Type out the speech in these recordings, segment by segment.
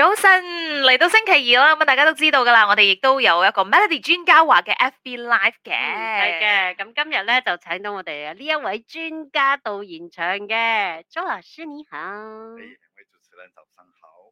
早晨，嚟到星期二啦，咁啊大家都知道噶啦，我哋亦都有一個 Melody 專家話嘅 FB Live 嘅，係、嗯、嘅。咁今日咧就請到我哋啊呢一位專家到現場嘅，周老師你好。誒，兩位主持人早晨。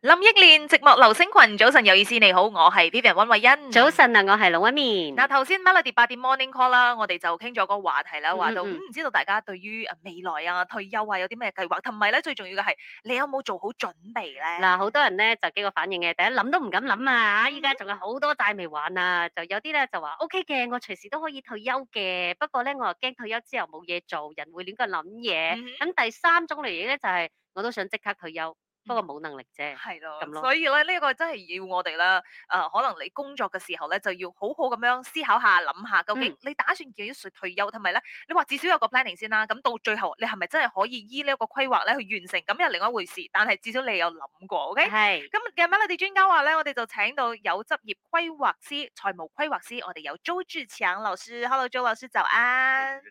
林憶蓮《寂寞流星群》早晨有意思你好，我係 Vivian 温慧欣。早晨啊，我係老一面。嗱頭先 Melody 八點 Morning Call 啦，我哋就傾咗個話題啦，話到唔知道大家對於啊未來啊退休啊有啲咩計劃，同埋咧最重要嘅係你有冇做好準備咧？嗱，好多人咧就幾個反應嘅，第一諗都唔敢諗啊！依家仲有好多債未還啊，就有啲咧就話 O. K. 嘅，我隨時都可以退休嘅，不過咧我又驚退休之後冇嘢做，人會亂咁諗嘢。咁第三種類型咧就係。我都想即刻退休，不過冇能力啫。係咯，所以咧呢個真係要我哋啦。誒、呃、可能你工作嘅時候咧就要好好咁樣思考下、諗下究竟你打算幾多歲退休同埋咧，你話至少有個 planning 先啦。咁到最後你係咪真係可以依呢一個規劃咧去完成？咁又另外一回事。但係至少你有諗過，OK？係。咁今日你哋專家話咧，我哋就請到有執業規劃師、財務規劃師，我哋有周志強老師。Hello，周老師早安。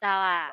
就啊。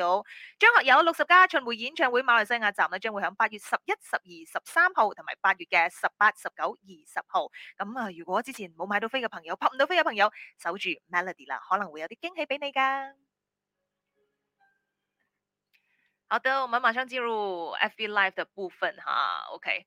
好，張學友六十加巡回演唱會馬來西亞站咧，將會喺八月十一、十二、十三號，同埋八月嘅十八、十九、二十號。咁啊，如果之前冇買到飛嘅朋友，拍唔到飛嘅朋友，守住 Melody 啦，可能會有啲驚喜俾你噶。好的，我們馬上進入 FB Live 的部分哈。OK。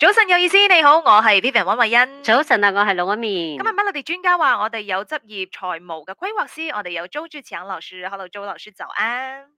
早晨有意思，你好，我係 Vivian 溫慧欣。早晨啊，我係老阿咪。今日 Melody 專家話，我哋有執業財務嘅規劃師，我哋有周志強老師，Hello 周老師，就啱。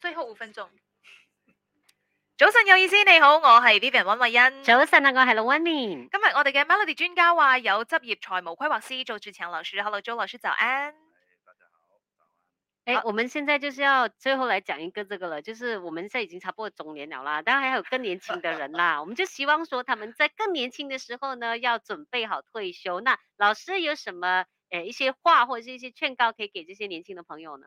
最後五分鐘， 早晨有意思，你好，我係 Vivian 溫慧欣。早晨啊，我係盧溫蓮。今日我哋嘅 Melody 專家話有執業財務規劃師周志強老師，Hello，周老師早安。大家好，早安。誒、哎，我們現在就是要最後來講一個這個啦，就是我們現在已經差不多中年了啦，當然還有更年輕的人啦， 我們就希望說他們在更年輕的時候呢，要準備好退休。那老師有什麼誒、哎、一些話或者是一些勸告，可以給這些年輕的朋友呢？